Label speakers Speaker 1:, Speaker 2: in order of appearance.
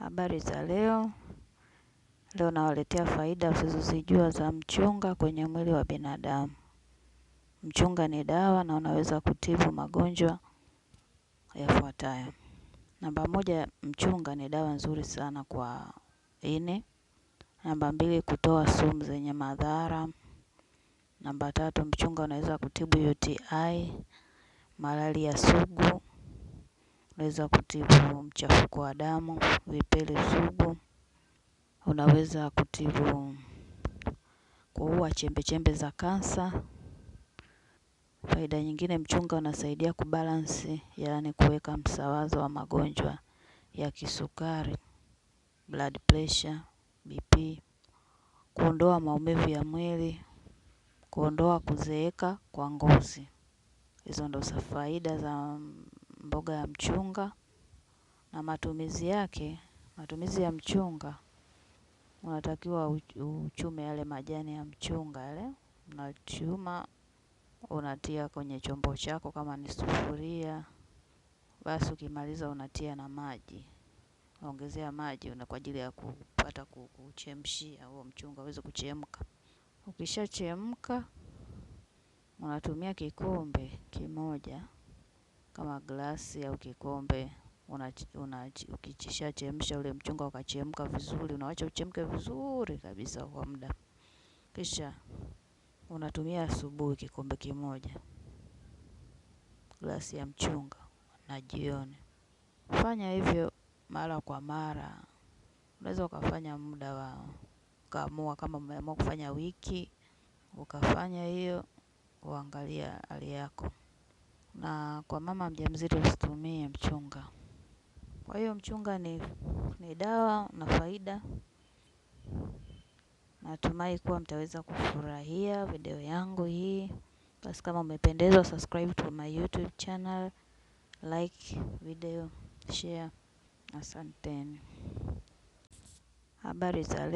Speaker 1: Habari za leo. Leo nawaletea faida usizozijua za mchunga kwenye mwili wa binadamu. Mchunga ni dawa na unaweza kutibu magonjwa yafuatayo. Namba moja, mchunga ni dawa nzuri sana kwa ini. Namba mbili, kutoa sumu zenye madhara. Namba tatu, mchunga unaweza kutibu UTI, malaria sugu unaweza kutibu mchafuko wa damu, vipele sugu, unaweza kutibu kuua chembe chembe za kansa. Faida nyingine, mchunga unasaidia kubalansi, yaani kuweka msawazo wa magonjwa ya kisukari, blood pressure, BP, kuondoa maumivu ya mwili, kuondoa kuzeeka kwa ngozi. Hizo ndo faida za mboga ya mchunga na matumizi yake. Matumizi ya mchunga, unatakiwa uchume yale majani ya mchunga yale, unachuma unatia kwenye chombo chako, kama ni sufuria. Basi ukimaliza unatia na maji, ongezea maji una kwa ajili ya kupata kuchemshia huo mchunga uweze kuchemka. Ukishachemka unatumia kikombe kimoja kama glasi au kikombe ukishachemsha ule mchungwa ukachemka vizuri, unawacha uchemke vizuri kabisa kwa muda, kisha unatumia asubuhi kikombe kimoja glasi ya mchunga na jioni. Fanya hivyo mara kwa mara, unaweza ukafanya muda wa ukaamua kama umeamua kufanya wiki, ukafanya hiyo, uangalia hali yako na kwa mama mjamzito usitumie mchunga. Kwa hiyo mchunga ni, ni dawa na faida. Natumai kuwa mtaweza kufurahia video yangu hii. Basi kama umependezwa, subscribe to my YouTube channel, like video, share. Asanteni. Habari za leo.